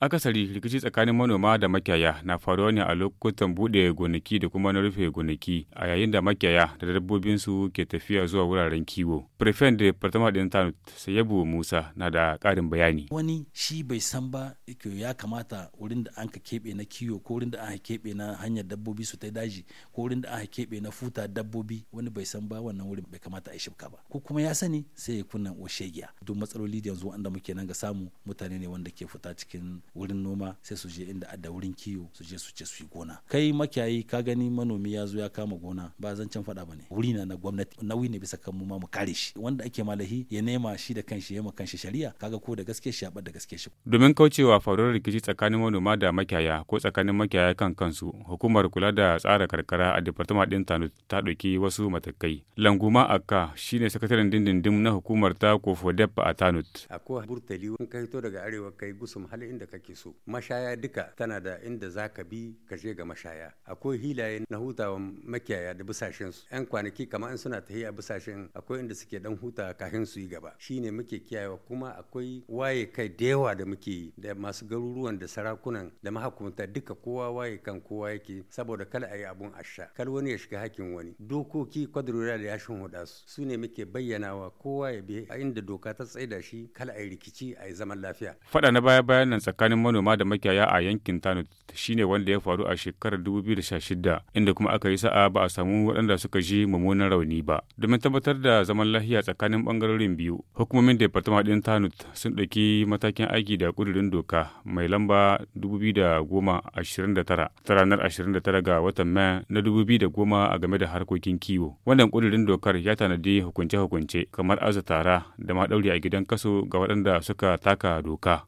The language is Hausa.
akasari rikici tsakanin manoma da makiyaya na faruwa ne a lokutan buɗe gonaki da kuma na rufe gonaki a yayin da makiyaya da dabbobinsu ke tafiya zuwa wuraren kiwo prefen da partama ɗin tanut sayabu musa na da karin bayani wani shi bai san ba ya kamata wurin da an ka keɓe na kiwo ko wurin da an ka keɓe na hanyar dabbobi su ta daji ko wurin da an ka keɓe na futa dabbobi wani bai san ba wannan wurin bai kamata a shibka ba ko kuma ya sani sai ya kunna oshegiya duk matsaloli da yanzu wanda muke nan ga samu mutane ne wanda ke fita cikin wurin noma sai su je inda da wurin kiwo su je su ce su yi gona kai makiyayi ka gani manomi ya zo ya kama gona ba zan can faɗa bane wuri na na gwamnati nauyi ne bisa kan mu ma mu kare shi wanda ake malahi ya nema shi da kanshi ya ma kanshi shari'a kaga ko da gaske shi ya da gaske shi domin kaucewa faruwar rikici tsakanin manoma da makiyaya ko tsakanin makiyaya kan kansu hukumar kula da tsara karkara a departama ɗin Tano ta ɗauki wasu matakai languma akka shine sakataren dindindin na hukumar ta kofodep a Tanut akwai burtali kai to daga arewa kai gusum hal inda kake so mashaya duka tana da inda za ka bi ka je ga mashaya akwai hilaye na hutawa makiyaya da busashen su yan kwanaki kamar in suna tahiya busashen akwai inda suke dan huta kafin su yi gaba shine muke kiyayewa kuma akwai waye kai da yawa da muke yi da masu garuruwan da sarakunan da mahakunta duka kowa waye kan kowa yake saboda kala ayi abun asha kal wani ya shiga hakkin wani dokoki kwadrura da ya huda su su ne muke bayyanawa kowa ya bi a inda doka ta tsaida shi kala ayi rikici ayi zaman lafiya faɗa na baya bayan nan tsakanin tsakanin manoma da makiyaya a yankin Tano shine wanda ya faru a shekarar 2016 inda kuma aka yi sa'a ba a samu waɗanda suka ji mummunan rauni ba. Domin tabbatar da zaman lafiya tsakanin bangarorin biyu, hukumomin Departement ɗin Tano sun ɗauki matakin aiki da ƙudurin doka mai lamba 2010-29 ta ranar 29 ga watan Mai na 2010 a game da harkokin kiwo. Wannan ƙudurin dokar ya tanadi hukunce-hukunce kamar aza tara da ma a gidan kaso ga waɗanda suka taka doka.